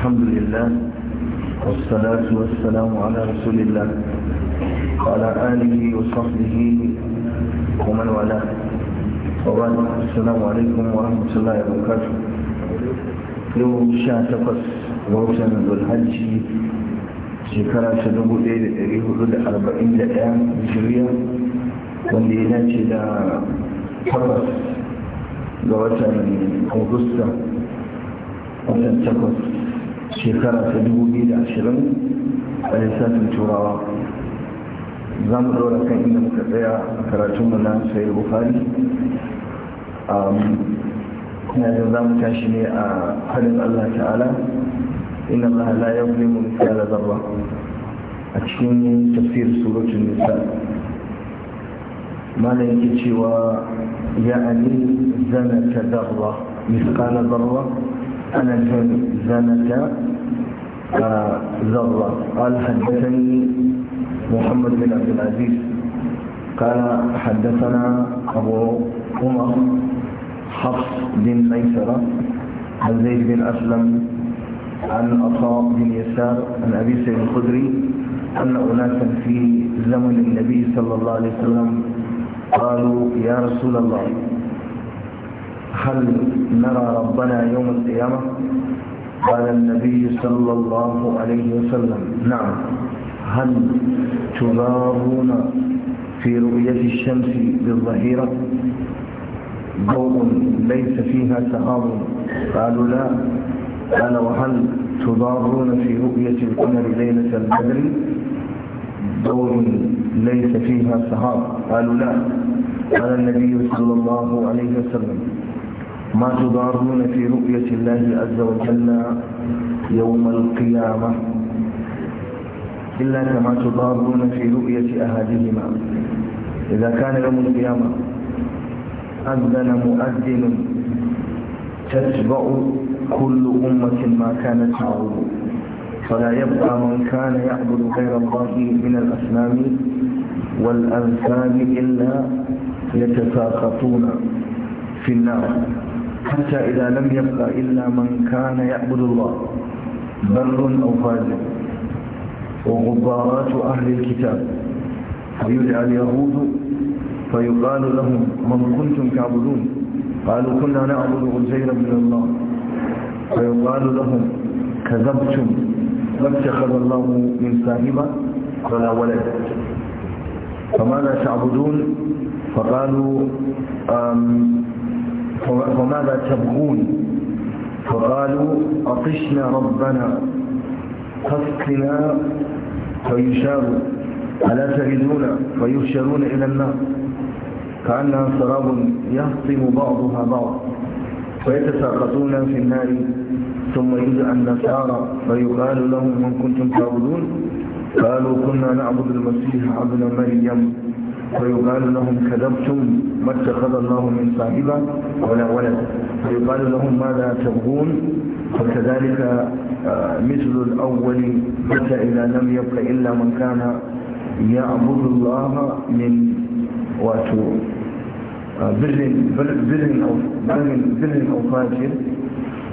الحمد لله والصلاة والسلام على رسول الله وعلى آله وصحبه ومن والاه وبعد السلام عليكم ورحمة الله وبركاته يوم شهر تقص ووطن ذو الحج shekara ta dubu ɗaya da ɗari hudu da arba'in da ɗaya hijiriya wanda ya dace da takwas ga watan augusta watan takwas shekara ta 2020 a lissafin turawa za mu ɗora kan inda muka tsaya a karatunmu na sayar bukari na da za mu tashi ne a harin allah ta'ala inna allah la ya wuli mu misala zarra a cikin tafiyar suratun nisa mana yake cewa ya ani zana ta zarra misƙala zarra زنة آه، زرة قال حدثني محمد بن عبد العزيز قال حدثنا أبو عمر حفص بن ميسرة عن زيد بن أسلم عن عطاء بن يسار عن أبي سعيد الخدري أن أناسا في زمن النبي صلى الله عليه وسلم قالوا يا رسول الله هل نرى ربنا يوم القيامة قال النبي صلى الله عليه وسلم نعم هل تضارون في رؤية الشمس بالظهيرة ضوء ليس فيها سهار قالوا لا قال وهل تضارون في رؤية القمر ليلة البدر ضوء ليس فيها سهار قالوا لا قال النبي صلى الله عليه وسلم ما تضارون في رؤية الله عز وجل يوم القيامة إلا كما تضارون في رؤية أهاليهما إذا كان يوم القيامة أذن مؤذن تتبع كل أمة ما كانت تعبد فلا يبقى من كان يعبد غير الله من الأسلام والأنساب إلا يتساقطون في النار حتى إذا لم يبقى إلا من كان يعبد الله بر أو فاجر وغبارات أهل الكتاب فيدعى اليهود فيقال لهم من كنتم تعبدون قالوا كنا نعبد عزير بن الله فيقال لهم كذبتم ما اتخذ الله من صاحبة ولا ولد فماذا تعبدون فقالوا فماذا تبغون فقالوا أطشنا ربنا فاسقنا فيشاروا ألا تجدون فيشارون إلى النار كأنها سراب يهطم بعضها بعض فيتساقطون في النار ثم يدعى النسارى فيقال لهم من كنتم تعبدون قالوا كنا نعبد المسيح عبد مريم فيقال لهم كذبتم ما اتخذ الله من صاحبة ولا ولد فيقال لهم ماذا تبغون فكذلك آه، مثل الأول متى إذا لم يبق إلا من كان يعبد الله من واتو آه، بر بر أو بر أو فاجر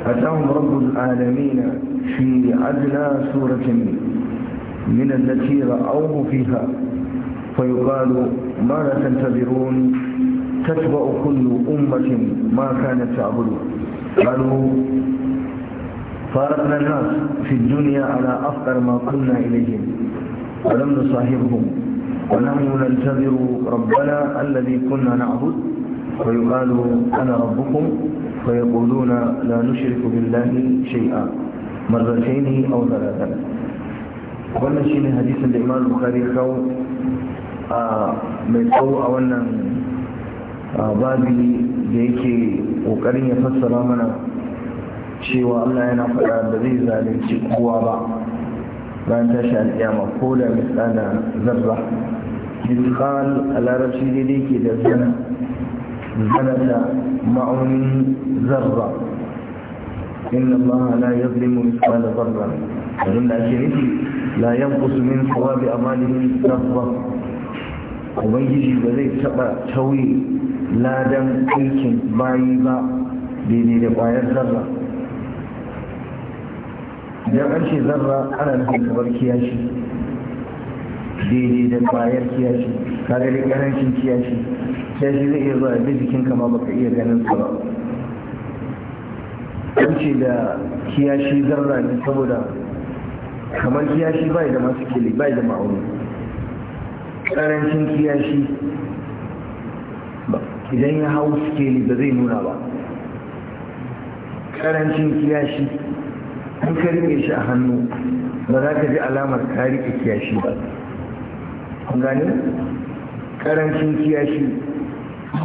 أتاهم رب العالمين في أدنى سورة من التي رأوه فيها فيقال ماذا تنتظرون تتبع كل أمة ما كانت تعبد قالوا فارقنا الناس في الدنيا على أفقر ما قلنا إليهم ولم نصاحبهم ونحن ننتظر ربنا الذي كنا نعبد فيقال أنا ربكم فيقولون لا نشرك بالله شيئا مرتين أو ثلاثا wannan شيء hadisin da Imam Bukhari mai tsawo a wannan babi da yake ƙoƙarin ya fassara mana cewa Allah yana faɗa da zai zalunci kowa ba bayan tashi alƙiyama ko da misala zarra misal a larabci daidai ke da zana zanata ma'aunin zarra inna Allah la yazlimu misala zarra abin da ake nufi la yanqus min sawabi amalihi zarra ubangiji ba zai taɓa tauye ladan aikin bayi ba daidai da ƙwayar zarra idan an ce zarra ana nufin kamar kiyashi daidai da ƙwayar kiyashi kare da karancin kiyashi kiyashi zai iya zuwa da jikin kama baka iya ganin sa ba an ce da kiyashi zarra ne saboda kamar kiyashi bai da masu kili bai da ma'auni karancin kiyashi idan ya hau skeli ba zai nuna ba karancin kiyashi an karbe shi a hannu ba za ka ji alamar kari kiyashi ba an gani karancin kiyashi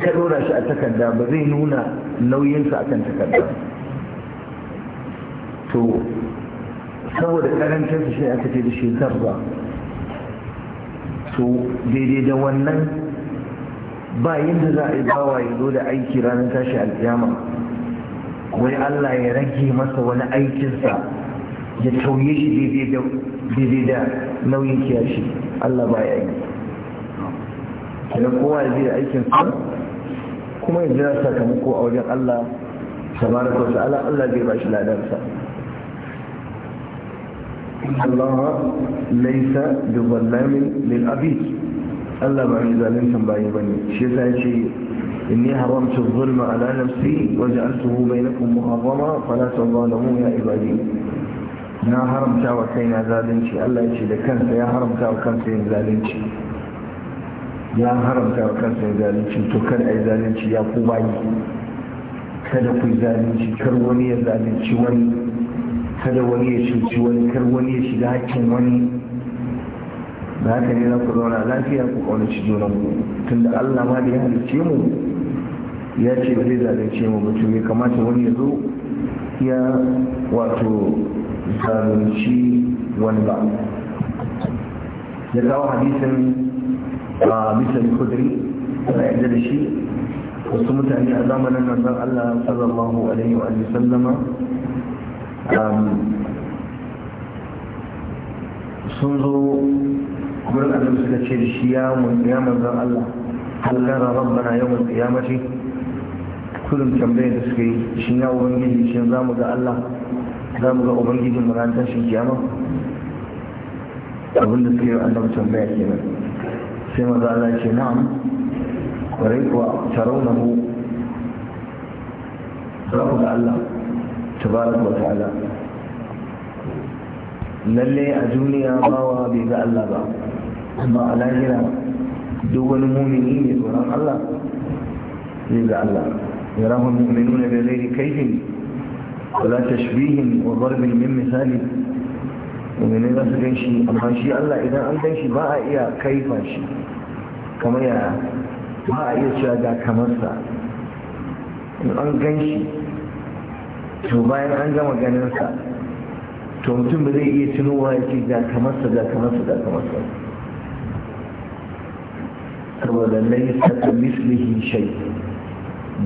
ka ɗora shi a takarda ba zai nuna nauyinsa a kan takarda to saboda karancinsa shi aka ce da shi zarba so daidai da wannan ba yadda za a yi bawa ya zo da aiki ranar tashi alkiyama wai Allah ya rage masa wani aikinsa ya tauye shi daidai da nauyin kiyashi Allah ba ya yi kowa ya je da aikinsa kuma ya jira sakamako a wajen Allah tabaraka wa Allah zai ba shi ladarsa. إن الله ليس بظلام للأبيد ألا بعني ظالم تنبعي بني شيء شيء إني حرمت الظلم على نفسي وجعلته بينكم محرما فلا تظالموا يا عبادي na haramta wa kaina zalunci Allah ya ce da kansa ya haramta wa kansa yin zalunci ya haramta wa kansa yin zalunci to kada a yi zalunci ya kada ku yi zalunci kar wani ya zalunci wani kada wani ya cuci wani kar wani ya shiga hakkin wani da haka ne za ku zauna lafiya ku ƙaunaci mu tunda allah ma da ya halicce mu ya ce ba zai zalunce mu mutum ya kamata wani ya zo ya wato zalunci wani ba ya kawo hadisin a bisan kudri da yadda da shi wasu mutane a zamanin nan allah sallallahu alaihi wa sallama Um, sun zo gurin annabi suka ce da shi ya manzan Allah hallara rabbana yawon kiyamaci kudin tambayar da suka yi shi ya ubangiji shi za mu ga Allah za mu ga ubangijin mu ranar tashin kiyama abinda suka yi annabi tambaya kenan sai maza Allah ce na'am kwarai kuwa na mu za mu ga Allah tabaraka wa ta'ala lalle a duniya bawa bai ga Allah ba amma a lahira duk wani mumini mai tsoron Allah zai ga Allah ya rahun mu'minuna da lairi kaifin ولا shi وضرب من مثالي ومن لا تجنشي أما شيء الله إذا أن تنشي ما إيا كيف شيء كما يا ما إيا شادا an gan shi. to bayan an gama ganinsa, to mutum ba zai iya tunowa ya ce ga kamarsa ga kamarsa ga kamarsa saboda laisa saka mislihi shai,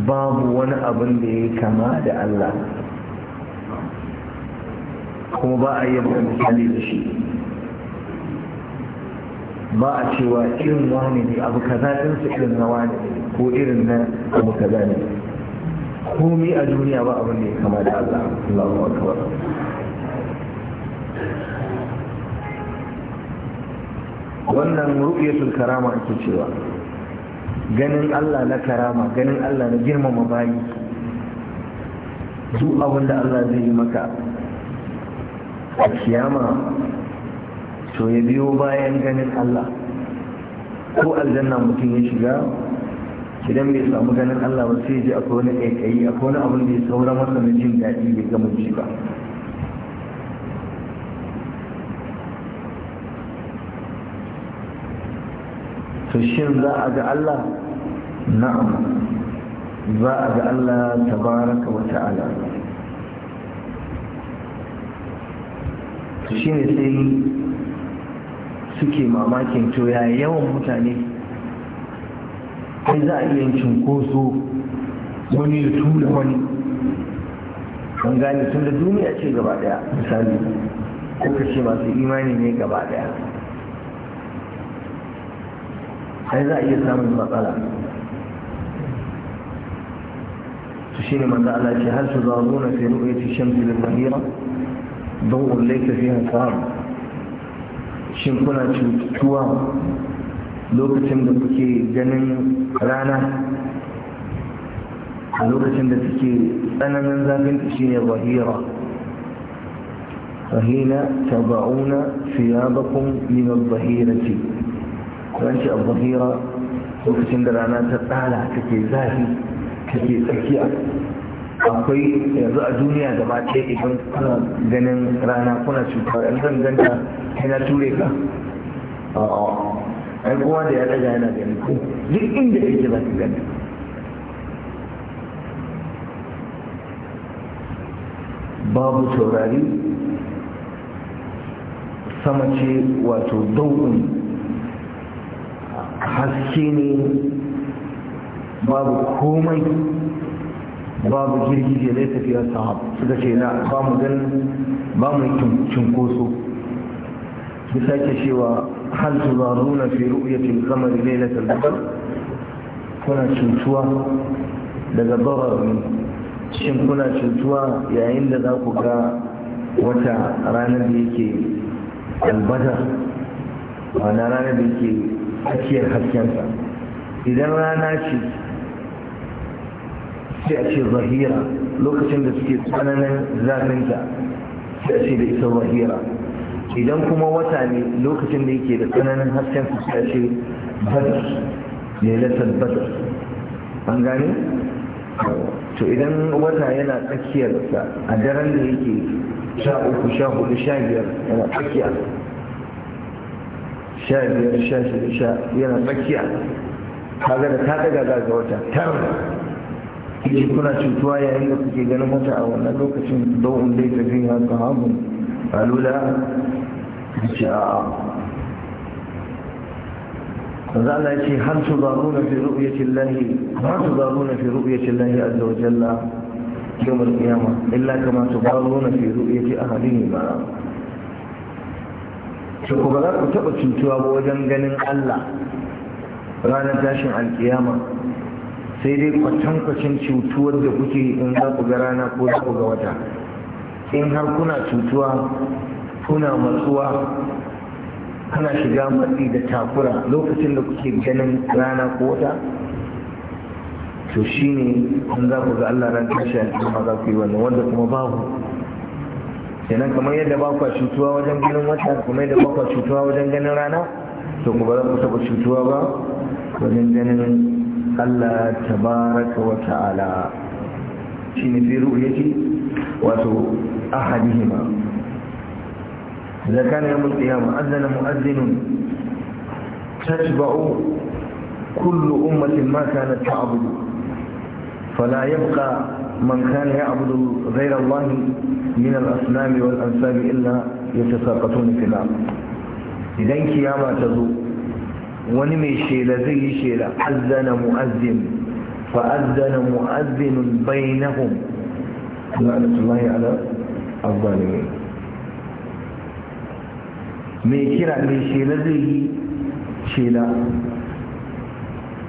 babu wani abin da ya kama da Allah kuma ba a yi misali da shi ba a cewa irin wani ne abu kaza su irin na wani ko irin na abu kaza ne komai a duniya ba abin da ya kama da Allah Allahu akbar wannan ru'yatul karama ake cewa ganin Allah na karama ganin Allah na girmama bayi duk abin da Allah zai yi maka a kiyama to ya biyo bayan ganin Allah ko aljanna mutum ya shiga idan bai samu ganin Allah ba sai ji akwai wani kaikayi akwai wani abin da ya saura masa na jin daɗi bai gama ji ba to shin za a ga Allah na'am za a ga Allah tabaraka wa ta'ala to shine sai suke mamakin to ya yawan mutane kai za a iya yin cunkoso wani ya tura wani an gane tun da duniya ce gaba daya misali ka ce masu imani ne gaba daya kai za a iya samun matsala su shi ne Allah ce har su zazo na sai ru'ayati shan lil mahira dawun ta fi qaram shin kuna cutuwa lokacin da kuke ganin rana a lokacin da suke tsananin zafinta shi ne zahira fahina taba'una siyabakun min al-zahirati ranci al-zahira lokacin da rana ta tsala take zafi take tsakiya akwai yanzu a duniya da ma ce idan kuna ganin rana kuna cuta yanzu ganta yana ture ka ai kowa da ya daga yana da gani duk inda ya za ka gani babu taurari sama ce wato dau'un haske ne babu komai babu girgije zai tafiya sahab suka ce na ba mu gan ba mu cunkoso su sake cewa hal tuzaruna fi ru'yatil qamar lailatul qadr kuna cutuwa daga bararun shin kuna cutuwa yayin da za ku ga wata ranar da yake albada wana ranar da yake tsakiyar haskensa idan rana ce sai a ce zahira lokacin da suke tsananin zafinta sai a ce da ita zahira idan kuma wata ne lokacin da yake da tsananin hasken fuska ce badar lailatul badar an gane to idan wata yana tsakiyarsa a daren da yake sha uku sha hudu sha biyar yana tsakiya sha biyar sha shida sha yana tsakiya kaga da ta daga ga wata tara ke kuna cutuwa yayin da kuke ganin wata a wannan lokacin dau'un dai tafi haka hamun alula Za a manzo Allah ya ce hal tuzaruna fi ru'yati Allah ma tuzaruna fi ru'yati Allah azza wa jalla yawm al-qiyamah illa kama tuzaruna fi ru'yati ahlihi ma to ko ba za ku taɓa cutuwa ba wajen ganin Allah ranar tashin alkiyama sai dai kwatankwacin cutuwar da kuke in za ku ga rana ko za ku ga wata in har kuna cutuwa kuna matsuwa kana shiga matsi da takura lokacin da kuke ganin rana ko wata to shi ne in za ku ga Allah ran tashi al'umma za ku yi wannan wanda kuma babu kenan kamar yadda ba kwa cutuwa wajen ganin wata kuma yadda ba kwa cutuwa wajen ganin rana to ku ba za ku taɓa cutuwa ba wajen ganin Allah tabaraka wa ta'ala shi ne fi yake wato ahadihima إذا كان يوم القيامة أذن مؤذن تتبع كل أمة ما كانت تعبد فلا يبقى من كان يعبد غير الله من الأصنام والأنساب إلا يتساقطون في الأرض إذن قيامة تزو ونمي شيلة زي شيلة أذن مؤذن فأذن مؤذن بينهم لعنة الله على الظالمين mai kira mai shela zai yi shela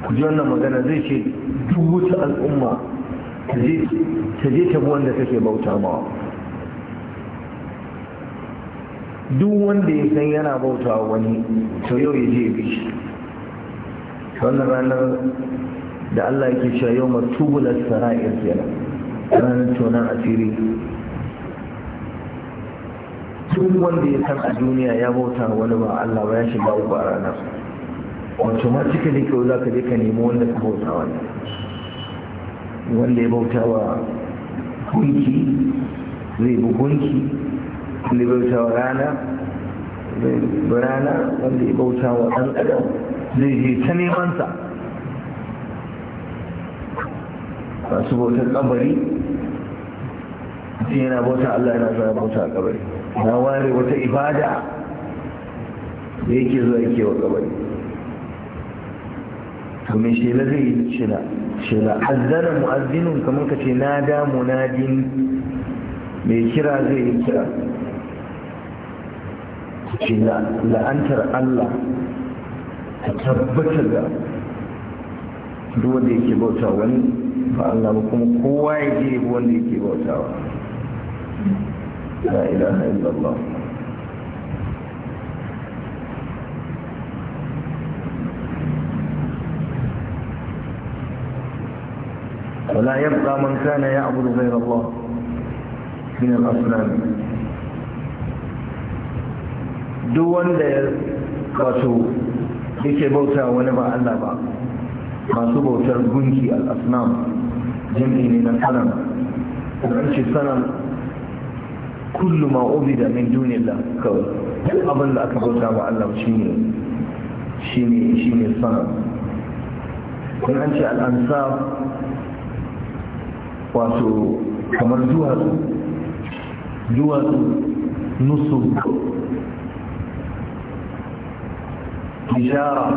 ku ji wannan magana zai ce duk ta al'umma ta je ta wanda take bauta ma duk wanda ya san yana bauta wani to yau ya je ya bi shi wannan ranar da Allah yake cewa yau matubular sara'ir kenan ranar tonar asiri duk wanda ya san a duniya ya bauta wani ba Allah ba ya shiga uku a ranar wato ma cika da kyau za ka je ka nemi wanda ka bauta wani wanda ya bauta wa gunki zai bi gunki wanda ya bauta wa rana zai bi rana wanda ya bauta wa ɗan adam zai je ta nemansa masu bautar ƙabari, sai yana bauta Allah yana zuwa bauta a ƙabari na ware wata ibada da yake zuwa yake wa kabari to mai shela zai yi shela shela azzana mu'azzinun kamar ka ce na da munadin mai kira zai yi kira ce la'antar Allah ta tabbata ga duk wanda yake bautawa wani ba Allah ba kuma kowa ya je wanda yake bautawa لا إله إلا الله ولا يبقى من كان يعبد غير الله من الأصنام دون ذلك wato yake bauta wani ba Allah ba masu bautar gunki al-asnam jami'i na kullu ma ubida min dunillah kawai duk abin da aka bauta wa Allah shine shine shine sana kun an ce al wato kamar duwatsu duwatsu nusub tijara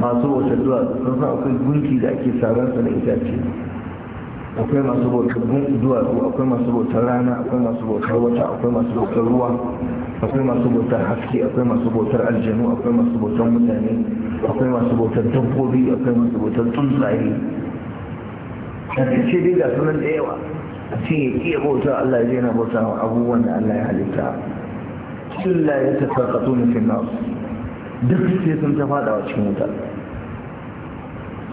masu wata duwatsu sun sa akwai gunki da ake sararsa na itace akwai masu bautar duwatsu akwai masu bautar rana akwai masu bautar wata akwai masu bautar ruwa akwai masu bautar haske akwai masu bautar aljanu akwai masu bautar mutane akwai masu bautar dabbobi akwai masu bautar tsuntsaye a ce dai ga sunan da yawa a ce ya iya bauta Allah ya yana bauta wa abubuwan da Allah ya halitta sun la ya tafarkatu na finnas duk sai sun ta fada cikin wuta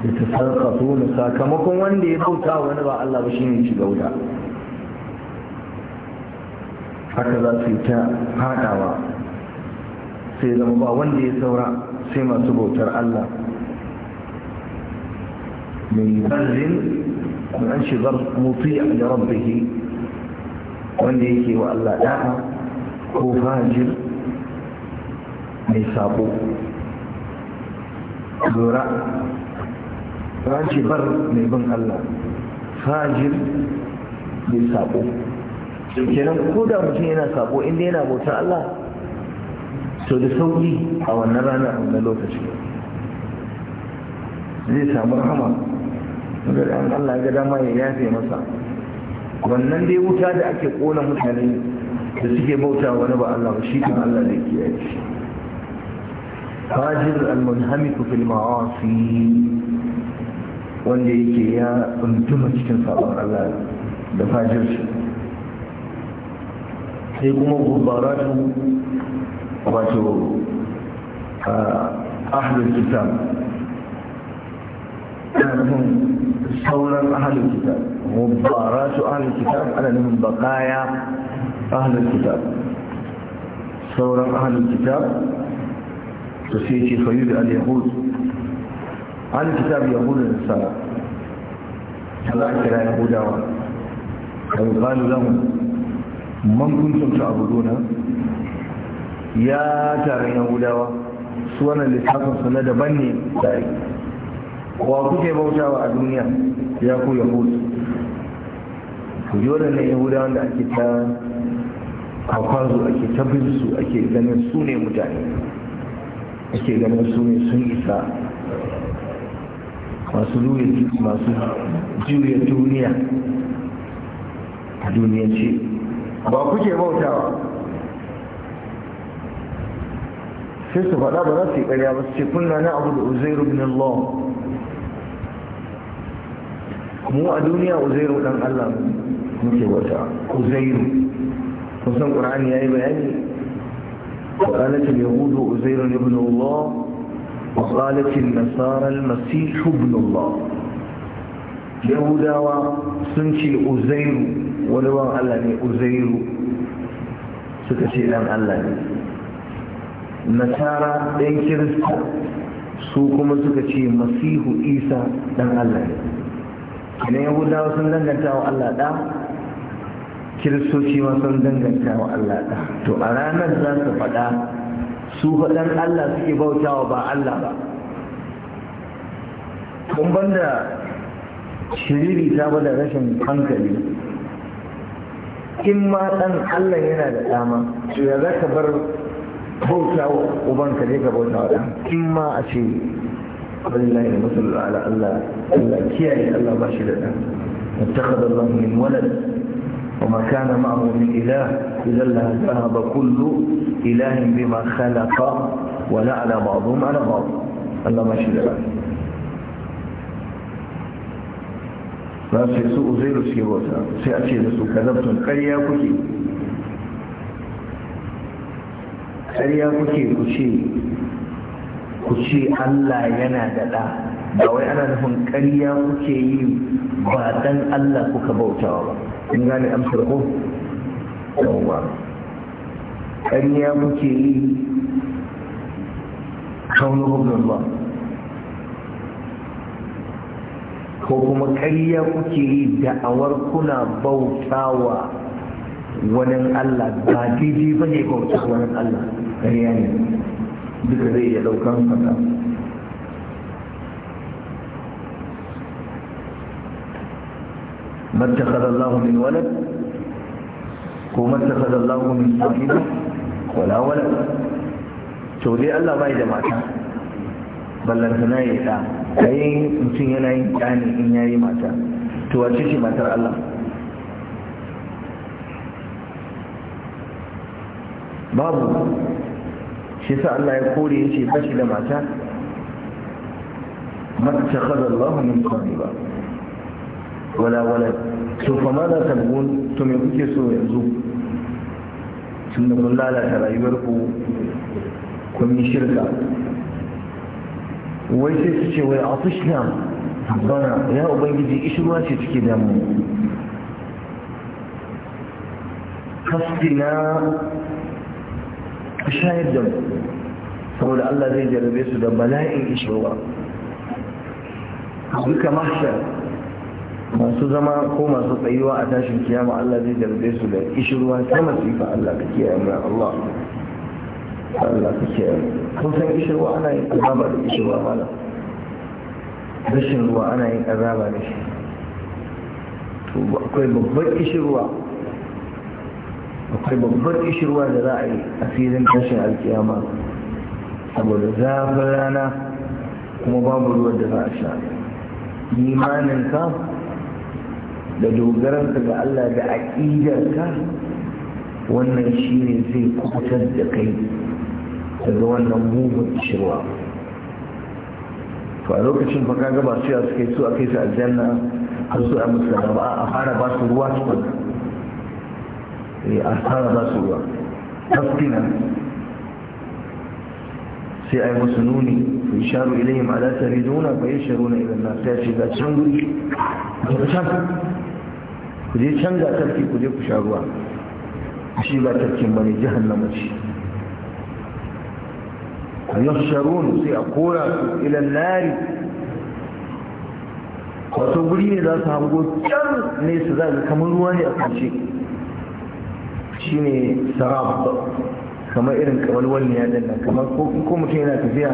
da ta sarkato na sakamakon wanda ya bauta wani ba Allah ba shine shiga wuta haka za su yi ta haɗawa sai zama ba wanda ya saura sai masu bautar Allah mai barzin an shigar mutu da Bihi, wanda yake wa Allah da'a ko fajir mai sabo lura ranci bar mai bin Allah fajir mai sabo kenan ko da mutum yana sabo inda yana bautar Allah to da sauki a wannan rana a wannan lokaci zai samu rahama wanda da Allah ya ga dama ya yafe masa wannan dai wuta da ake kona mutane da suke bauta wani ba Allah ba shi kan Allah zai kiyaye shi fajir al-munhamiku fil ma'asi wanda yake ya runtuma cikin sabon Allah da fajir shi sai kuma gubara su wato a ahalin kita ana nufin sauran ahalin gubara su ahalin kita ana nufin bakaya ahalin kita sauran ahalin kita to sai ce fayu da al-yahud an kitab yahudu da nasara Allah kira yahudawa a yi ƙalu lahun man kuntum ta abuduna ya taron yahudawa su wannan littafin su na daban ne tsari? wa kuke bautawa a duniya ya ku yahudu ku yi waɗannan yahudawan da ake ta kwakwazo ake tabbinsu ake ganin su ne mutane ake ganin su ne sun isa masu masu juya duniya a duniya ce ba kuke bautawa sai su faɗa ba za su yi ƙarya ba su ce kunna na abu da uzairu bin Allah mu a duniya uzairu dan Allah muke bauta uzairu kusan ƙur'ani ya yi bayani وقالت اليهود أزير ابن Allah. وقالت النصارى المسيح ابن الله yahudawa sun ce uzairu wani wan allah ne uzairu suka ce dan allah ne nasara ɗan kirista su kuma suka ce masihu isa dan allah ne yahudawa sun danganta wa allah ɗa kiristoci ma sun danganta allah to a ranar za su faɗa su faɗan Allah suke bautawa ba Allah ba kun da shiriri ta da rashin hankali in ma ɗan Allah yana da dama to ya za ka bar bautawa uban ka je ka bautawa ɗan in ma a ce wallahi da masu ala Allah Allah kiyaye Allah ba shi da ɗan اتخذ الله من ولد وما كان معه من إله إذا ذهب كل إله بما خلق ولا على بعضهم على بعض الله ما شاء za su su uzairu suke bauta sai a ce da su kazabtun ƙarya kuke ƙarya kuke ku ce ku ce Allah yana da ɗa ba wai ana nufin ƙarya kuke yi ba dan Allah kuka bautawa ba in gane amsar ko ba. ƙarya muke yi kaunar ba ko kuma ƙarya kuke yi da'awar kuna bautawa wani Allah ba daidai ba ne bautar wani Allah ƙarya ne duka zai iya ɗaukan fata ما الله من ولد ومتخذ الله من صاحبه wala wala to dai Allah bai da mata ballantana ya ta kai mutum yana yin ƙani in yayi mata to wace ce matar Allah babu shi sa Allah ya kore shi ba da mata mata khadar Allah min sahiba wala wala to fa ma za ta to me kuke so yanzu tun mun kun lalata rayuwarku kun yi shirka wai sai su ce wai afishna bana ya ubangiji ishirwa ce cike damu hasbina ka shayar da mu saboda Allah zai jarabe su da bala'in ishirwa duka mahshar masu zama ko masu tsayuwa a tashin kiyama Allah zai jarbe su da ishirwa ta masifa Allah ka kiyaye mu Allah Allah ka kiyaye kun san kishirwa ana yin azaba da ishirwa mana rashin ruwa ana yin azaba da shi to akwai babbar ishirwa akwai babbar kishirwa da za a yi a filin tashin alkiyama saboda zafin rana kuma babu ruwan da za a sha imanin ka da dogaranka ga Allah da aƙidarka wannan shi ne zai kubutar da kai daga wannan mugun shirwa to a lokacin fa kaga su ya suke su a kai su aljanna har su a musu ba a fara ba su ruwa tukun eh, a fara ba su ruwa tafkina sai a yi musu nuni fi sharu ilayhim ala tariduna fa yasharuna ila an-nas ta ce ga can guri ga can ku je canza tarki ku je ku sha ruwa shi ba tarkin bane jahannama ce yusharun sai a kora su ila nari wato guri ne za su hango can ne su za ga kamar ruwa ne a kwance shine sarab kamar irin kawalwal ne ya danna kamar ko mutum yana tafiya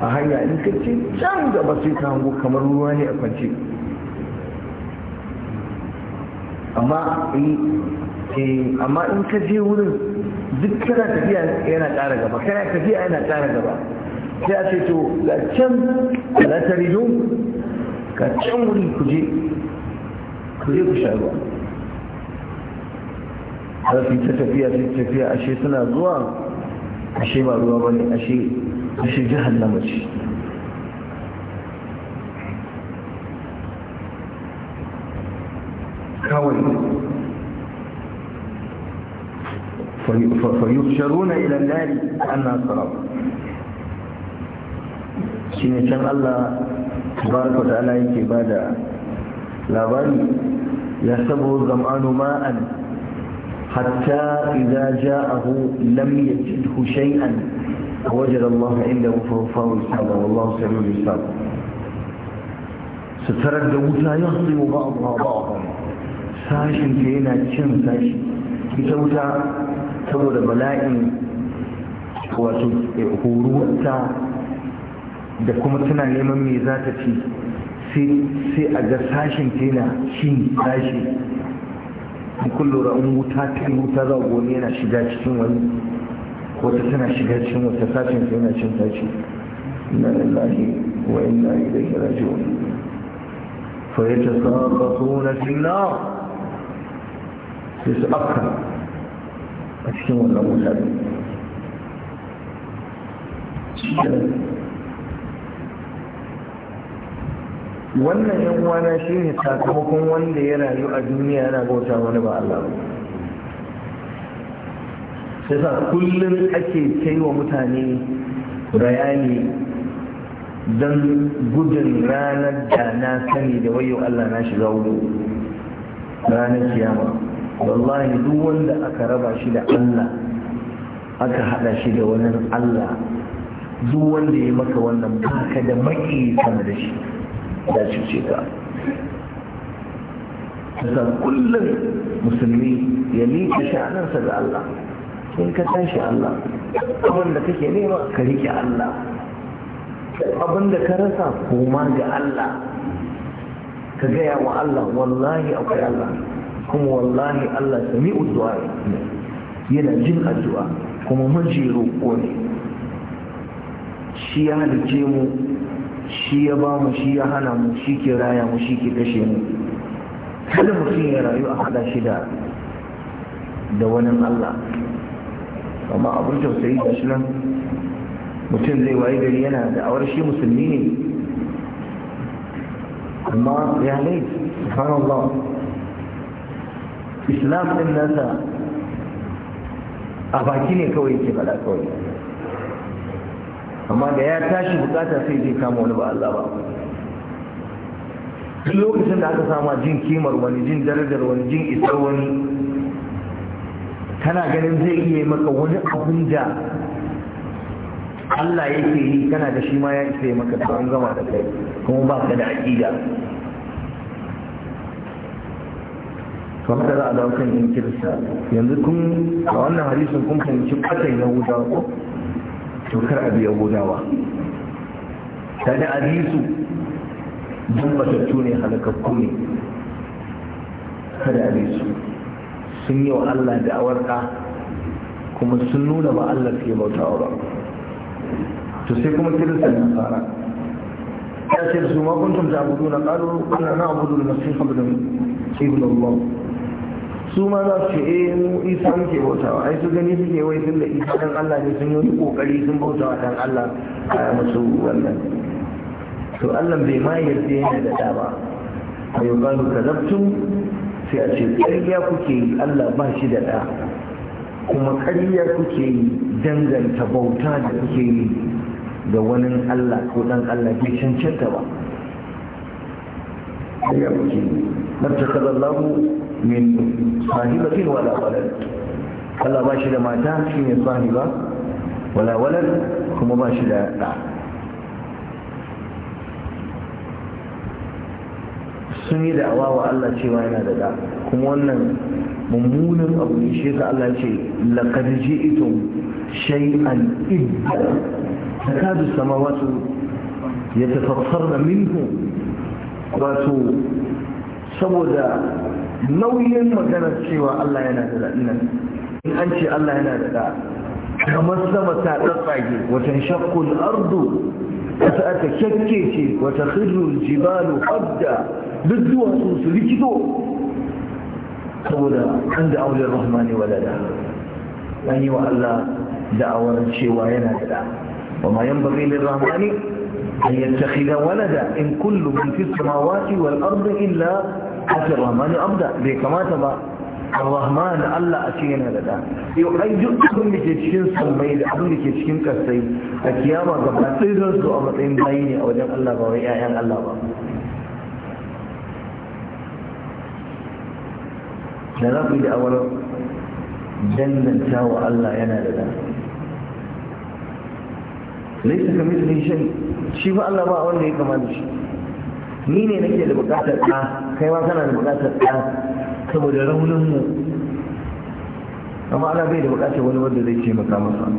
a hanya in ka ce can gaba sai ka hango kamar ruwa ne a kwance Eh, amma in ka je wurin duk kana tafiya yana ƙara gaba kana tafiya yana ƙara gaba sai a ce to ga can la taridu ka can wuri ku je ku je ku sha ruwa har su ta tafiya sai tafiya ashe suna zuwa ashe ba ruwa ba ne ashe ashe na mace. فيخشرون إلى النار كأنها صراط شنو كان الله تبارك وتعالى كبادة لا بل يحسبه الظمآن ماء حتى إذا جاءه لم يجده شيئا وجد الله عنده فوفاه الحمد والله سبحانه وتعالى سترى الدوت لا بعضها بعضا ساشن كينا كين ساشن كتوتا saboda bala'in wato horuwarta da kuma tana neman me za ta ci sai a ga sashen tana shi sashi in kun lura in wuta ta wuta za wani yana shiga cikin wani wata tana shiga cikin wata sashen ta yana cin sashi na lillahi wa inna ilaihi raji'un sa yatasaqatuna fi an-nar sai su afka. a cikin wannan mutane wannan yan uwana shi ne sakamakon wanda ya rayu a duniya yana bauta wani ba Allah ba sai sa kullum ake kai wa mutane bayani don gudun ranar da na sani da wayo Allah na shiga wudu ranar kiyama wallahi duk wanda aka raba shi da Allah aka hada shi da wani Allah duk wanda ya maka wannan baka da maki sama da shi da ce ka da kullum musulmi ya liƙa sha'anarsa da Allah in ka tashi Allah abin da kake nema ka riƙe Allah abin da ka rasa koma ga Allah ka gaya wa Allah wallahi akwai Allah kuma wallahi Allah sami'u du'a yana jin addu'a kuma maji roƙo ne shi ya halice mu shi ya ba mu shi ya hana mu shi ke raya mu shi ke kashe mu kada mutum ya rayu a hada shi da da wani Allah amma abin tausayi ga shi nan mutum zai waye gari yana da awar shi musulmi ne amma ya laifi subhanallah islam ɗin nasa a baki ne kawai ke faɗa kawai amma da ya tashi bukata sai zai kama wani ba Allah ba duk lokacin da aka sama jin kimar wani jin darajar wani jin isar wani kana ganin zai iya maka wani abun da Allah yake yi kana da shi ma ya isa maka ta an gama da kai kuma ba ka da aƙida famtara a daukan in kirista yanzu kun a wannan harisun kun fahimci na yahudawa ko tokar abi yahudawa ta da hadisu don batattu ne halakakku ne kada abi sun yi wa Allah da awarka kuma sun nuna ba Allah ke bautawa ba to sai kuma kirista na fara ya ce da su ma kuntum ta abudu na ƙaru kuna na abudu na sun haɓu da ibn Allah su ma za su ce eh mu isa muke bautawa ai su gani suke wai tun da isa dan Allah ne sun yi kokari sun bautawa dan Allah a musu wannan to Allah bai ma yarda yana da dama ba a yau ba kazabtum sai a ce ƙarya kuke yi Allah ba shi da ɗa, kuma ƙarya kuke yi danganta bauta da kuke yi ga wani Allah ko dan Allah bai cancanta ba ƙarya kuke yi martakar Allah min sahibatin wala walad Allah ba shi da mata shi ne sahiba wala walad kuma ba shi da ɗa sun yi da'awa wa Allah cewa yana da ɗa kuma wannan mummunan abu ne shi ka Allah ce laqad ji'tum shay'an idda takadu samawati yatafattarna minhu wato saboda nauyin maganar cewa Allah yana da daɗi in an ce Allah yana da da kamar sama ta tsatsage wata shakkul ardu ta aka ce wata khirrul jibalu hadda duk duwatsu su rikito saboda an da aulin rahmani walada an yi wa Allah da'awar cewa yana da da wa ma yan bari lil rahmani an yattakhidha walada in kullu min fis samawati wal ardi illa ake rahmani abda bai kamata ba ar-rahman Allah a ce yana da da yau ai duk abin da ke cikin sammai da abin da ke cikin kasai a kiyama gaba sai zan su a matsayin bayi ne a wajen Allah ba wai 'ya'yan Allah ba da za ku yi da'awar danganta wa Allah yana da da laisa kamar shi shi ba Allah ba wanda ya kama da shi ni ne nake da bukatar ɗa kai ma kana da buƙatar ɗa saboda raunin mu amma ana bai da buƙatar wani wanda zai ce maka masa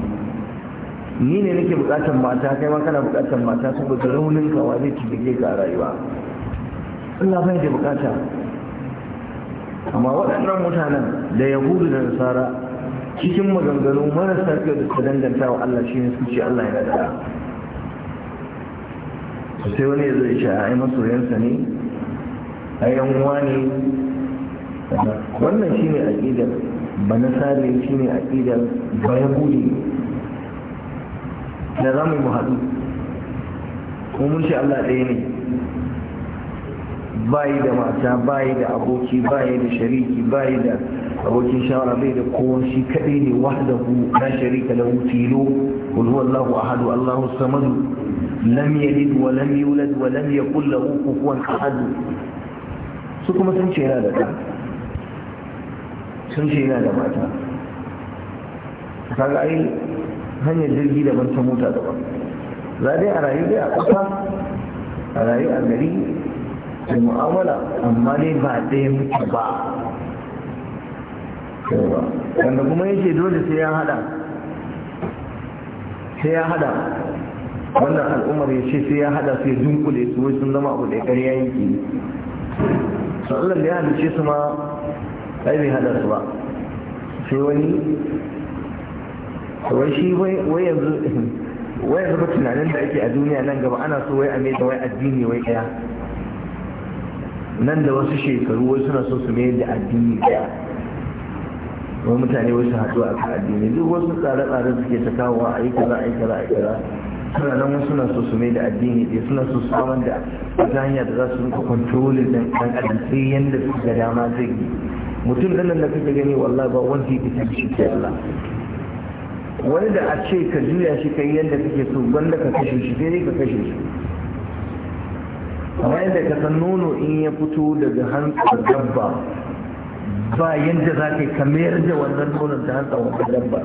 ni ne nake buƙatar mata kai ma kana buƙatar mata saboda raunin kawa zai zai taimake ka a rayuwa Allah bai da buƙata amma waɗannan mutanen da yahudu da nasara cikin maganganu marasa kyau da su danganta wa Allah shi ne suke Allah ya da sai wani ya zai ce a ai masoyansa ne ayan wani wannan shi ne aƙidar ba na sare shi ne aƙidar ba ya buɗe da za mu yi muhaɗu mun shi allah ɗaya ne bayi da mata bayi da aboki bayi da shariki bayi da abokin shawara bai da kowa shi kaɗai ne hu na sharika lahu tilo qul huwallahu ahadu allahu samadu lam yalid wa lam yulad wa lam yakul lahu kufuwan ahad su kuma sun ce yana da ta sun ce yana da mata kaga ai hanyar jirgi daban ta mota daban za dai a rayu dai a ƙasa a rayu a gari da mu'amala amma dai ba ɗaya muke ba wanda kuma yake dole sai ya hada sai ya hada wannan al'ummar ya ce sai ya hada sai dunkule su wai sun zama abu da ƙarya yake su Allah ya halice su ma ai bai hada su ba sai wani wai shi wai yanzu wai yanzu tunanin da ake a duniya nan gaba ana so wai a da wai addini wai kaya. nan da wasu shekaru wai suna so su mai da addini ɗaya wai mutane wai su haɗu a kan addini duk wasu tsare-tsare suke ta kawo a yi za a yi kaza a yi kaza suna nan wasu na so su mai da addini ɗaya suna so su samar da wata da za su rinka kwantolin ɗan ɗan adam sai yadda su ga dama zai yi mutum ɗan nan da kake gani wallahi ba wanda ya fi shi ke Allah wani da a ce ka juya shi ka yi yadda kake so wanda ka kashe shi sai dai ka kashe shi amma yadda ka san nono in ya fito daga hantsar dabba ba yadda za ka yi ka mayar da wannan nonon ta hantsar wata dabba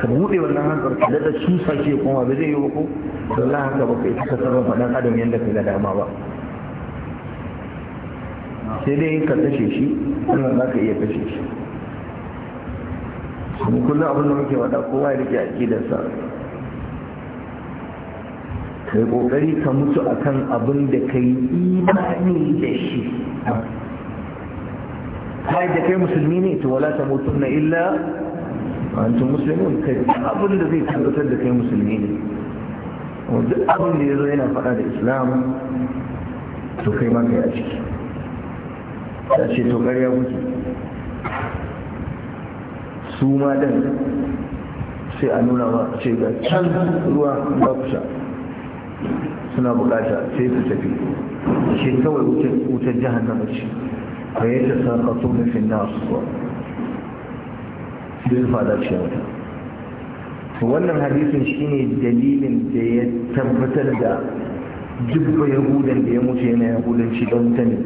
ka buɗe wannan hankar ka daɗa cusa shi kuma ba zai yi ko wallah haka ba ka isa sarrafa faɗan adam yadda ka ga dama ba sai dai ka kashe shi wannan za ka iya kashe shi mu kullum abin da muke wada kowa ya rike aƙidarsa ka yi ƙoƙari ka mutu akan abin da ka yi imani da shi ta da kai musulmi ne to wala ta mutum na illa antum muslimun kai abin da zai tabbatar da kai musulmi ne duk abin da ya zo yana faɗa da islam to kai ma kai a ciki ta ce to ƙarya wuce su ma dan sai a nuna ma ce ga can ruwa ba ku sha suna bukata sai su tafi shi kawai wutar jihar na ce fa yadda sa ka finna fin nasu bill production wannan hadisin shine dalilin da ya tabbatar da duk ba yahudan da ya mutu yana yahudanci don ta ne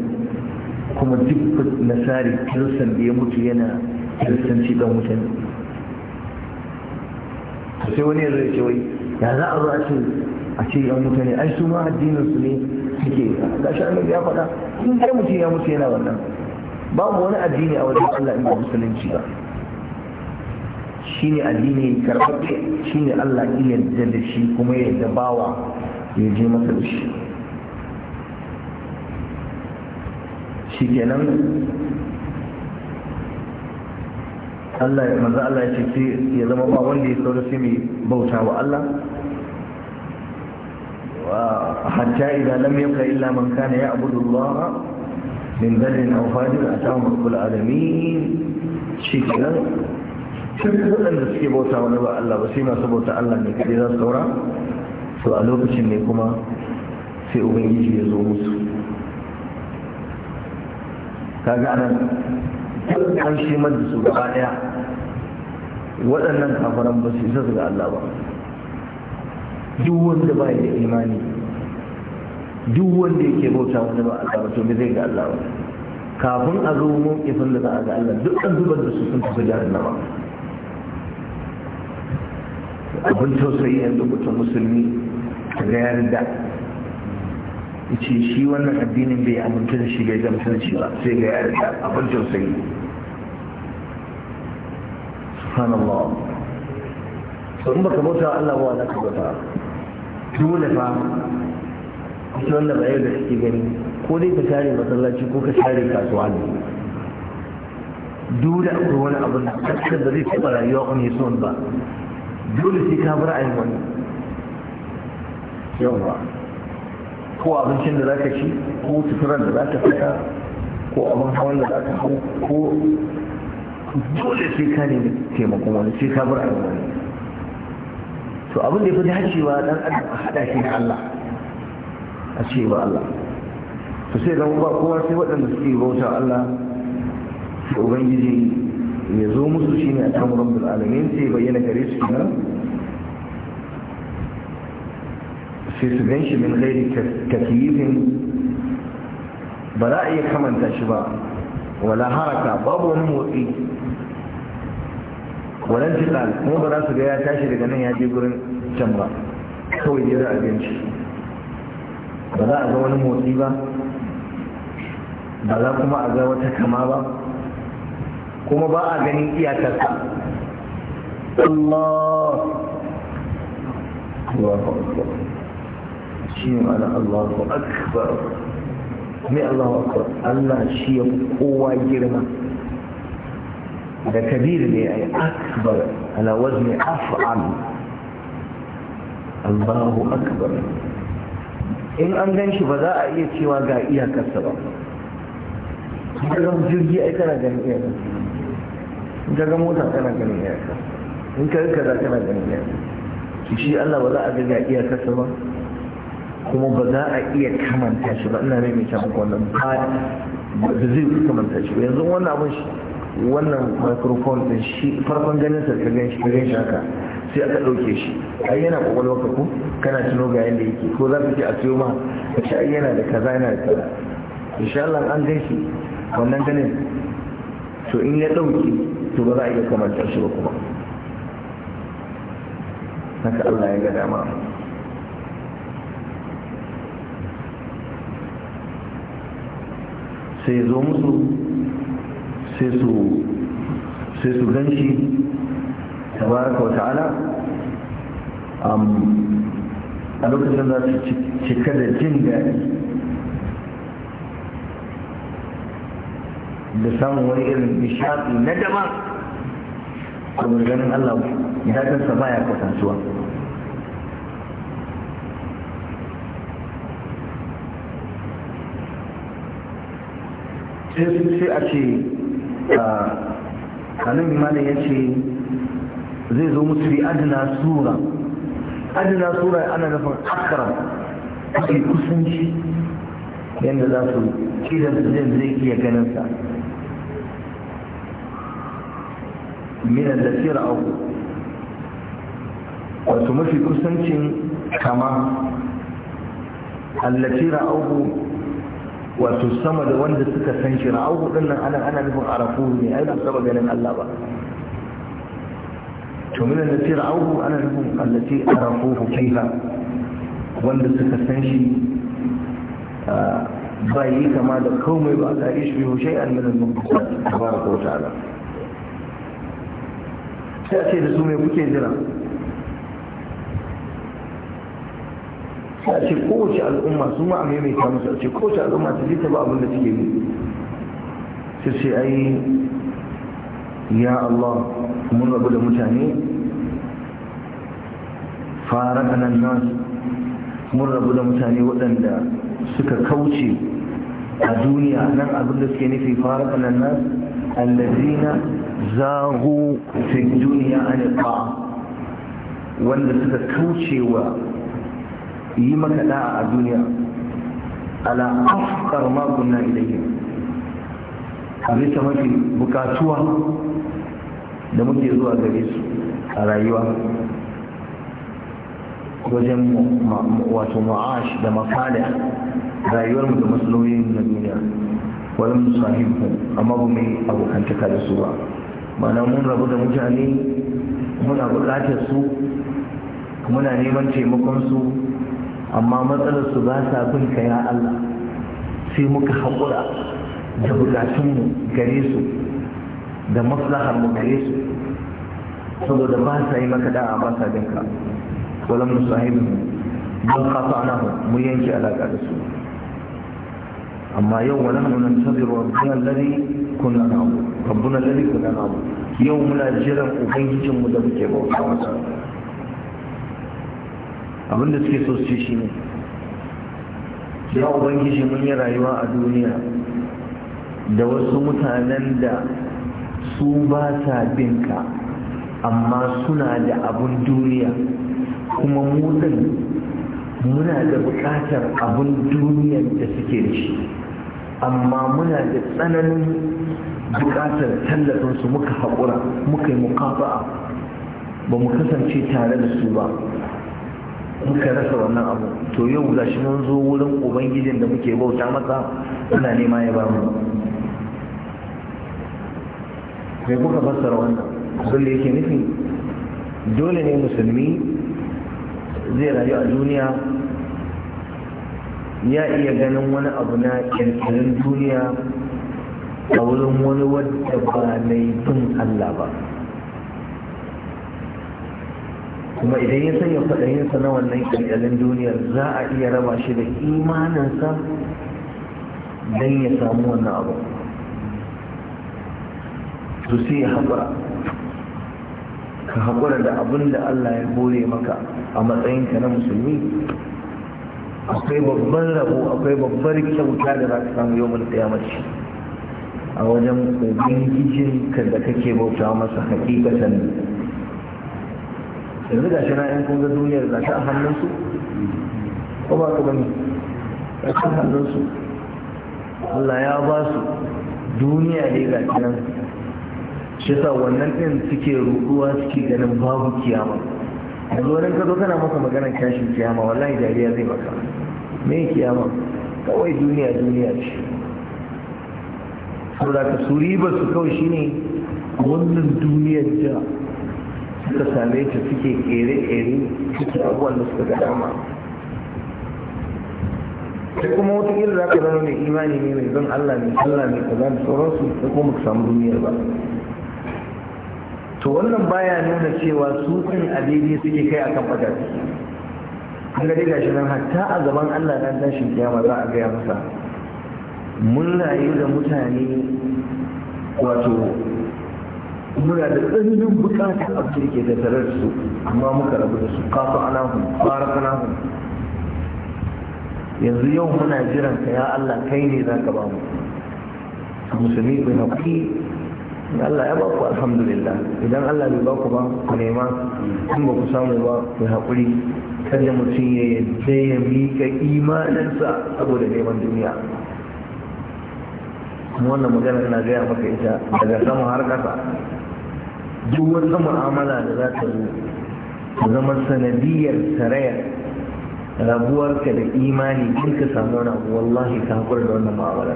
kuma duk nasari kirsan da ya mutu yana kiristanci don mutane. ne sai wani yanzu ce wai ya za a zo a ce a ce yan mutane, ai su ma addinin su ne suke gashi annabi ya faɗa in kai mutum ya mutu yana wannan babu wani addini a wajen Allah in ba musulunci ba shine addini karɓaɓɓe shine Allah iya yarda da shi kuma ya yarda bawa ya je masa da shi shikenan Allah ya manzo Allah ya ce sai ya zama ba wanda ya saura sai mai bauta wa Allah hatta idan lam yabqa illa man kana ya'budu Allah min barrin aw fajir atahu rabbul alamin shikenan duk waɗanda suke bauta wani ba Allah ba sai masu bauta Allah ne kaɗai za su saura to a lokacin ne kuma sai ubangiji ya zo musu kaga anan an shi da su gaba ɗaya waɗannan kafaran ba su isa su ga Allah ba duk wanda ba da imani duk wanda yake bauta wani ba Allah ba to me zai ga Allah ba kafin a zo mun ifin da za a ga Allah dukkan zubar da su sun tafi jahannama abin tausayi yanzu mutum musulmi ga yarda ce shi wannan addinin bai amince da shi bai gamsa da shi ba sai ga yarda abin tausayi subhanallah sun ba baka bauta Allah ba wanda ka bauta dole fa kusa wannan ba yau da suke gani ko dai ka share masallaci ko ka share kasuwa ne dole akwai wani abin da da zai taɓa rayuwa wani yi own ba dole sai ka bar ayin wani yawa ko abincin da za ka ci ko suturar da za ka fita ko abin hawan da za ka hau ko dole sai ka ne taimakon wani sai ka bar ayin wani to abin da ya fi dacewa dan adam a haɗa shi da Allah a ce ba Allah to sai zama ba kowa sai waɗanda suke bauta Allah da Ubangiji ya zo musu shi ne a kan rabbul alamin sai bayyana gare su kenan sai su gan shi min gairi taklifin ba za a iya kamanta shi ba wala haraka babu wani motsi walan tikal kuma ba za su ga ya tashi daga nan ya je gurin can ba kawai dai za a gan shi ba za a ga wani motsi ba ba za kuma a ga wata kama ba kuma ba a ganin iyakarsa Allah Allahu Akbar shi Allahu Akbar Allah shi ya kowa girma da kabir ne ai akbar ala wazni af'al Allahu Akbar in an gan shi ba za a iya cewa ga iyakarsa ba. Jirgin jirgi ai kana ganin iyakarsa. in ka ga mota kana ganin iyaka in ka rika za kana ganin iyaka shi Allah ba za a iya kasa ba kuma ba za a iya kamanta shi ba ina rai mai kyamun wannan ba da zai kamanta shi ba yanzu wannan abin shi wannan microphone din shi farkon ganin sa ka shi ka shi haka sai aka dauke shi ai yana kwakwalwa ka ku kana tuno ga yanda yake ko za ka ce a siyo ma ka ai yana da kaza yana da kaza insha Allah an gan shi wannan ganin to in ya dauke. to ba za a iya kamantar shi ba kuma haka Allah ya ga dama sai zo musu sai su gan shi tabaraka wata ala a lokacin za su cika da jin daɗi da samun wani irin nishaɗi na daban saboda ganin Allah sa baya kasancewa sai a ce kanin imanin ya ce zai zo musu fi adina sura adina sura ana nufin akara mafi kusanci yadda za su kidan su zai iya ganin sa minan da tsira auku wato mafi kusancin kama allaci ra'auhu wato sama da wanda suka san shi ra'auhu dinnan ana ana nufin arafu ne ai ba ganin Allah ba to minan allaci ra'auhu ana nufin allaci arafuhu fiha wanda suka san shi ba yi kama da komai ba a tare shi shay'an sai a ce da su mai kuke jira sai a ce kowace al'umma sun ma a maimaita musu a ce kowace al'umma ta jita ba da suke yi sai sai ai ya Allah mun rabu da mutane fara kanan nasu mun rabu da mutane waɗanda suka kauce a duniya nan abin da suke nufi fara kanan nasu allazina zago fi duniya an wanda suka kaucewa yi maka da'a a duniya ala afkar ma kunna ilayhi a bisa mafi bukatuwa da muke zuwa gare su a rayuwa wajen wato ma'ash da mafada rayuwarmu da matsaloyin na duniya wajen sahibu amma ba mai abokantaka da su ba Mana mun rabu da mutane muna buƙatar su muna neman taimakon su amma matsalar su ba sa bin ka ya Allah sai muka haƙura da buƙatunmu gare su da maslahar mu gare su saboda ba sa yi maka da'a ba sa bin ka walam nusahibu don kafa ana mu yanke alaƙa da su amma yau wani hannun tabiru wa biyan kuna namu rabbuna lalli kuna namu yau muna jiran ubangijinmu da muke bauta masa abinda suke so su shi ne ya ubangiji mun yi rayuwa a duniya da wasu mutanen da su ba sa binka amma suna da abun duniya kuma mu muna da bukatar abun duniyar da suke da shi amma muna da tsananin bukatar su muka haƙura muka yi mukafa'a ba mu kasance tare da su ba muka rasa wannan abu to yau shi mun zo wurin ubangijin da muke bauta masa muna nema ya ba mu mai kuka fassara wannan abin da yake nufi dole ne musulmi zai rayu a duniya ya iya ganin wani abu na kirkirin duniya a wurin wani wadda ba mai bin Allah ba kuma idan ya sanya faɗayinsa na wannan kirkirin duniyar za a iya raba shi da imaninsa don ya samu wannan abu to sai ya haƙura ka haƙura da abin da Allah ya bore maka a matsayinka na musulmi akwai babban rabo akwai babbar kyauta da za ka samu yau ya mace, a wajen ubangijin ka da kake bauta masa hakikatan yanzu ga shi na yan kunga duniyar za ta a hannunsu ko ba ka bane ga ta hannunsu Allah ya ba su duniya ne ga ta nan shi sa wannan ɗin suke ruɗuwa suke ganin babu kiyama yanzu wani kazo kana maka maganar kashin kiyama wallahi dariya zai baka me kiyama kawai duniya duniya ce saboda ka su ba su kawai shi ne wannan duniyar da suka same ta suke kere-kere suke abubuwan da suka dama Ta kuma wata irin za ka zama mai imani ne mai zan Allah mai Allah mai ka zama sauransu da kuma ka samu duniyar ba to wannan baya nuna cewa su kan a daidai suke kai akan fata an gari gashi nan hatta a gaban allah na tashin kiyama za a gaya masa mun rayu da mutane wato muna da tsananin bukata a ke tattare da su amma muka rabu da su kafa anahu fara anahu yanzu yau muna jiran ka ya Allah kai ne za ka ba mu musulmi bai haƙi Allah ya ba ku alhamdulillah idan Allah bai ba ku ba ku nema in ba ku samu ba ku haƙuri kada mutum ya yadda ya miƙa imaninsa saboda neman duniya Kuma wannan maganar na gaya maka ita daga sama har ƙasa duk wata mu'amala da za ta zo zama sanadiyar sarayar rabuwarka da imani kin ka samu wani abu wallahi ka haƙura da wannan mu'amala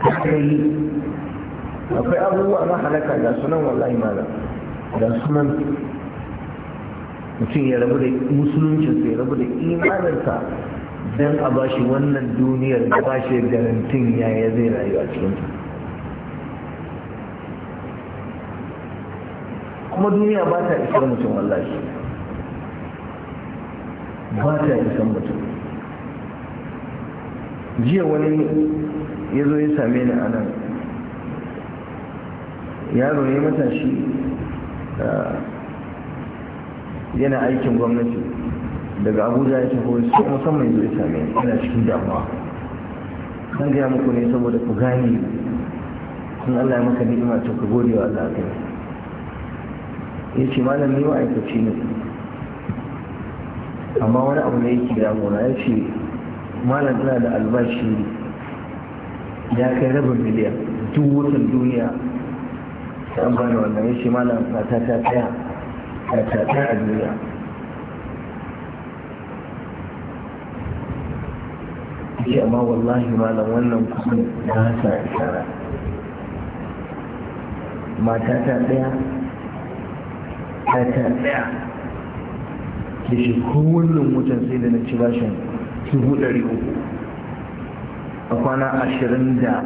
akwai abubuwa na halaka ga sunan wallahi malam ga sunan mutum ya rabu da musuluncinsa ya rabu da imaninsa don a ba shi wannan duniyar da ba shi garantin yaya zai rayu a cikinta kuma duniya ba ta isar mutum wallahi ba ta isar mutum jiya wani ya zo ya same ni a nan yaro ya matashi ah, yana aikin gwamnati daga abuja ya tafi su musamman zai same yana cikin damuwa kan gaya muku ne saboda ku gane kun allah ya maka ni'ima ta ku gode wa allah kai ya ce malam ni ma'aikaci ne amma wani abu ne yake damuwa ya ce malam tana da albashi ya kai rabin miliyan duk wutan duniya ta an bani wannan ya ce malam na ta ta tsaya tattata a duniya ce amma wallahi malam wannan kusan na sa ishara mata ta ɗaya ta ta ɗaya da shi kowannan wutan sai da na ci bashin dubu ɗari uku a kwana ashirin da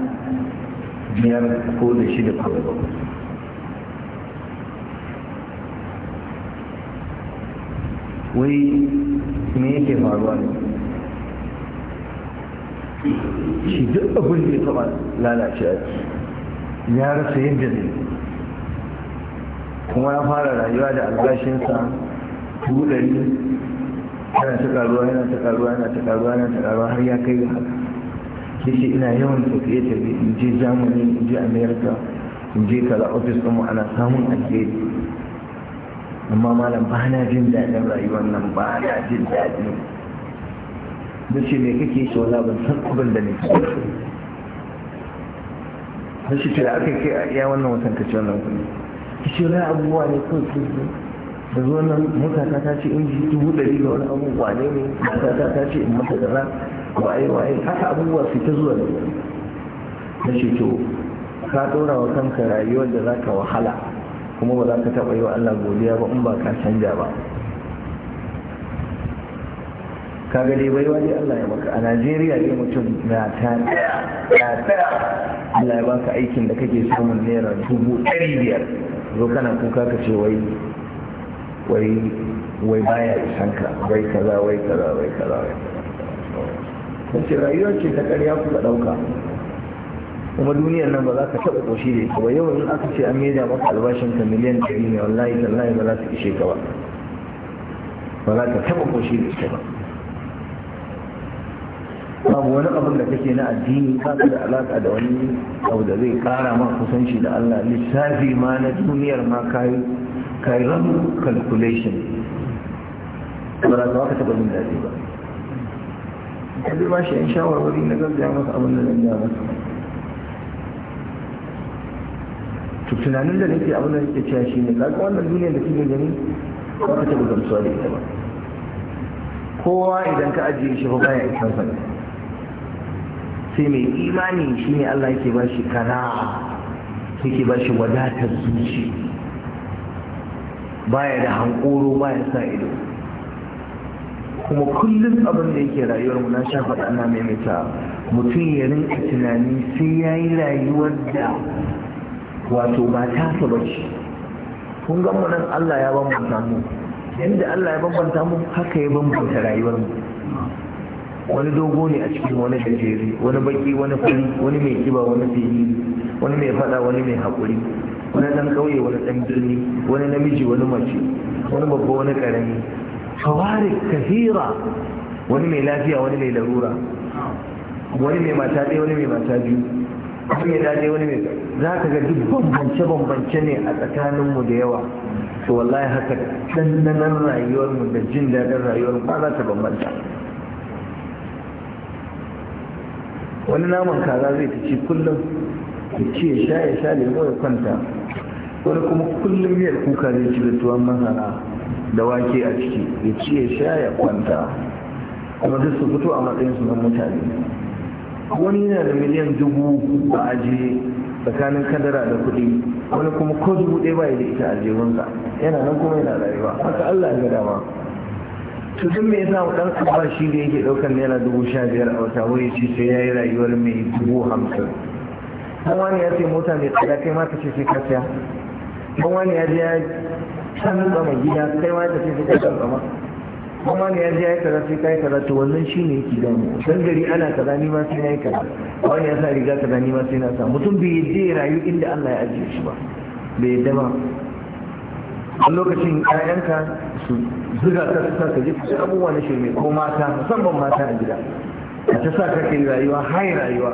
biyar ko da shida ko da bakwai wai me yake faruwa ne shi duk abin da ya taba lalace ya rasa yadda ne kuma ya fara rayuwa da albashinsa dubu yana ta ƙaruwa yana ta ƙaruwa yana ta ƙaruwa yana ta ƙaruwa har ya kai ga haka yace ina yawan tafiye tafiye in je jamani in je america in je kaza ofis kuma ana samun alheri amma malam ba na jin daɗin rayuwar nan ba na jin daɗi duk ce ne kake so na ban san abin da nake duk shi ce aka ke ya wannan watan ka ce wannan kuma ki ce wani abubuwa ne kawai su da zuwa nan mutata ta ce in ji dubu ɗari ga wani abubuwa ne ne mutata ta ce in mata da waye waye haka abubuwa su ta zuwa da na shi to ka ɗora wa kanka rayuwar da za ka wahala kuma ba za ka taɓa yi wa Allah godiya ba in ba ka canja ba ka kaga dai baiwa dai Allah ya maka a Najeriya dai mutum na ta na ta Allah ya baka aikin da kake samun naira dubu ɗari biyar zo kana kuka ka ce wai wai wai baya isan ka wai kaza wai kaza wai kaza wai ce rayuwar ce ta ƙarya kuka ɗauka kuma duniyar nan ba za ka taɓa ƙoshi da ita ba yau in aka ce an maida maka albashin ka miliyan ɗari ne wallahi tallahi ba za ta ishe ka ba ba za ka taɓa ƙoshi da ita ba babu wani abin da kake na addini ba ka da alaƙa da wani abu da zai ƙara ma kusanci da Allah lissafi ma na duniyar ma kayi kayi ran calculation ba za ka taɓa jin daɗi ba. Kabi ba shi ‘yan shawarwari na gaggaya masa abin da zan gaya masa. to tunanin da nake abin da nake cewa shi ne kaga wannan duniyar da kike gani ba ka taɓa gamsuwa da ita ba kowa idan ka ajiye shi ba baya isan sa sai mai imani shi ne Allah yake ba shi kana yake ba shi wadatar zuci baya da hankoro baya sa ido kuma kullum abin da yake rayuwar mu na sha faɗa na maimaita mutum ya rinka tunani sai ya yi rayuwar da wato ba ta su ce kun gan mu nan Allah ya bambanta mu inda Allah ya bambanta mu haka ya bambanta rayuwar mu wani dogo ne a cikin wani gajeri wani baki wani fari wani mai kiba wani fili wani mai fada wani mai haƙuri wani dan kauye wani dan birni wani namiji wani mace wani babba wani karami fawari kafira wani mai lafiya wani mai larura wani mai mata ɗaya wani mai mata biyu wani mai daɗe wani mai za ka ga duk bambance-bambance ne a tsakaninmu da yawa to wallahi haka ɗanɗanar rayuwarmu da jin daɗin rayuwar ba za ta bambanta wani naman kaza zai ta ci kullum ta ci sha ya sha lemo ya kwanta wani kuma kullum ya kuka zai ci da tuwon masara da wake a ciki ya ci ya sha ya kwanta kuma duk su fito a matsayin su na mutane wani yana da miliyan dubu a ajiye tsakanin kadara da kuɗi wani kuma ko dubu ɗaya bai da ita a jebunsa yana nan kuma yana rayuwa haka Allah ya dama to duk me yasa dan shi da yake ɗaukar naira dubu sha biyar a wata wuri ce sai yayi rayuwar mai dubu hamsin dan wani ya ce mota mai tsada kai ma ka ce sai ka siya dan wani ya je ya san gida kai ma ka ce sai ka san kuma ne ya je ya kaza sai kai kaza to wannan shine yake da mu dan gari ana kaza ni ma sai nayi kaza wani ya sa riga kaza ni ma sai na sa mutum bai ya rayu inda Allah ya ajiye shi ba bai yadda ba a lokacin ƴaƴanka su zuga ka su sa ka je kusa abubuwa na shirme ko mata musamman mata a gida a ta sa ka ke rayuwa hai rayuwa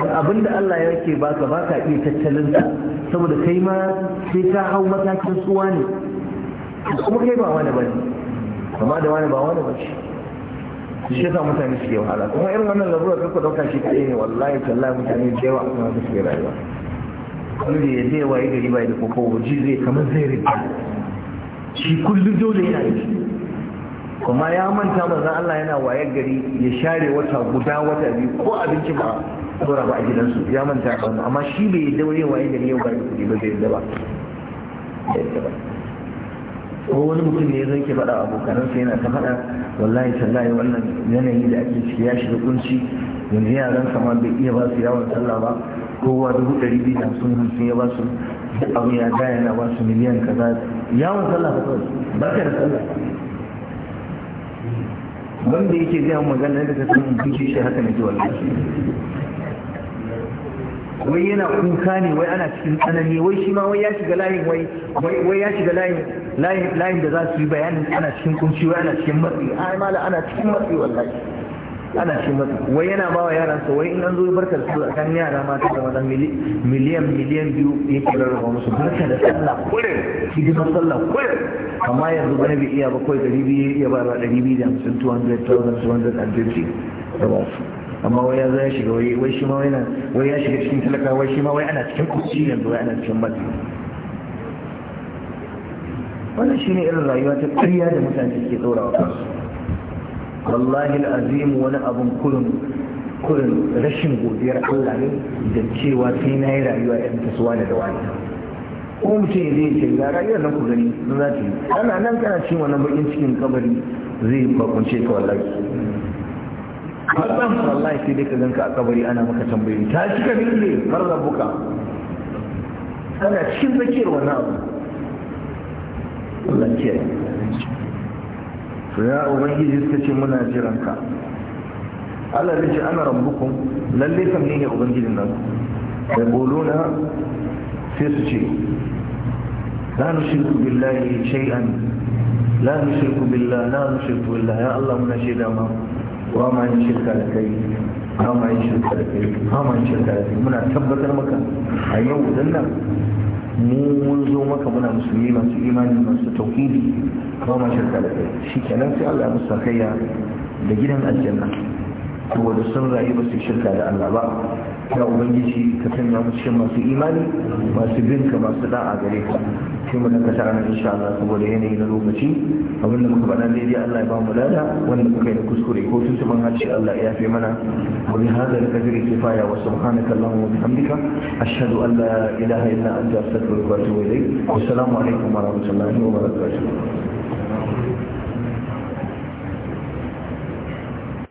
dan abin da Allah ya ke ba ka ba ka iya tattalin sa saboda kai ma sai ka hau matakin tsuwa ne kuma kai ba wani bane amma da wani ba wani ba shi shi sa mutane suke wahala kuma irin wannan larura kai dauka shi kaɗai ne wallahi tallahi mutane da yawa kuma su suke rayuwa da ya zai waye gari bai da koko waje zai kamar zai rinta shi kullum dole yana yi kuma ya manta manzon Allah yana waye gari ya share wata guda wata biyu ko abinci ba tura ba a gidansu ya manta amma shi bai daure waye gari yau ba kuɗi ba zai yadda ba ko wani mutum ne zai ke faɗa abokanansa yana ta faɗa wallahi tallahi wannan yanayi da ake ciki ya shiga kunci yanzu yaran sama bai iya ba su yawon sallah ba kowa dubu ɗari biyu hamsin hamsin ya ba su abu ya ga yana ba su miliyan kaza yawon sallah ba kawai barka da sallah wanda yake zai magana da ta san shi haka nake wallahi wai yana kuka ne wai ana cikin tsanani wai shi ma wai ya shiga layin wai wai ya shiga layin layin da za su yi bayanin ana cikin kunci wai ana cikin matsi ai mala ana cikin matsi wallahi ana cikin matsi wai yana bawa yaran su wai in an zo barkar su a kan yara mata da wannan miliyan miliyan biyu ke rarraba musu barka da sallah kullum hidimar sallah kullum amma yanzu bane bi iya ba kawai ɗari biyu ya ba ɗari biyu da hamsin two hundred thousand two hundred and fifty da ba su amma wai ya zai shiga wai shi ma wai ya shiga cikin talaka wai shi ma wai ana cikin kunshi yanzu wai ana cikin matsi wannan ne irin rayuwa ta ƙarya da mutane ke ɗora wa kansu wallahi azim wani abin kurin kurin rashin godiyar Allah ne da cewa sai na yi rayuwa irin ta suwa da dawani ko mutum ya zai ce ga rayuwar nan ku gani na za ta yi ana nan kana cin wannan baƙin cikin kabari zai bakunce ka wallahi Allah wallahi sai dai ka ganka a kabari ana maka tambayoyi ta cika ne har rabuka ana cikin tsakiyar wannan abu Allah ke ya ubangiji suka ce muna jiran ka Allah ce ana rabbukum lalle kam ne ne ubangijin nan da boluna sai su ce la billahi shay'an la la ya Allah muna shaida ma wa ma yin shirka da kai muna tabbatar maka a yau dan nan mu mun zo maka muna musulmi masu imani masu tauhidi ba ma shirka da kai shi kenan sai Allah musu sakayya da gidan aljanna saboda sun rayu ba su shirka da Allah ba ya ubangiji ka sanya mu cikin masu imani masu bin ka masu da'a gare ka sai mu daga sa'an insha Allah saboda yanayi na lokaci abin da muka faɗa daidai Allah ya ba mu lada wanda muka yi da kuskure ko tun tuban harshe Allah ya fi mana wa bi hadha al-qadri kifaya wa subhanaka allahumma wa bihamdika ashhadu an la ilaha illa anta astaghfiruka wa atubu ilayk assalamu alaikum wa rahmatullahi wa barakatuh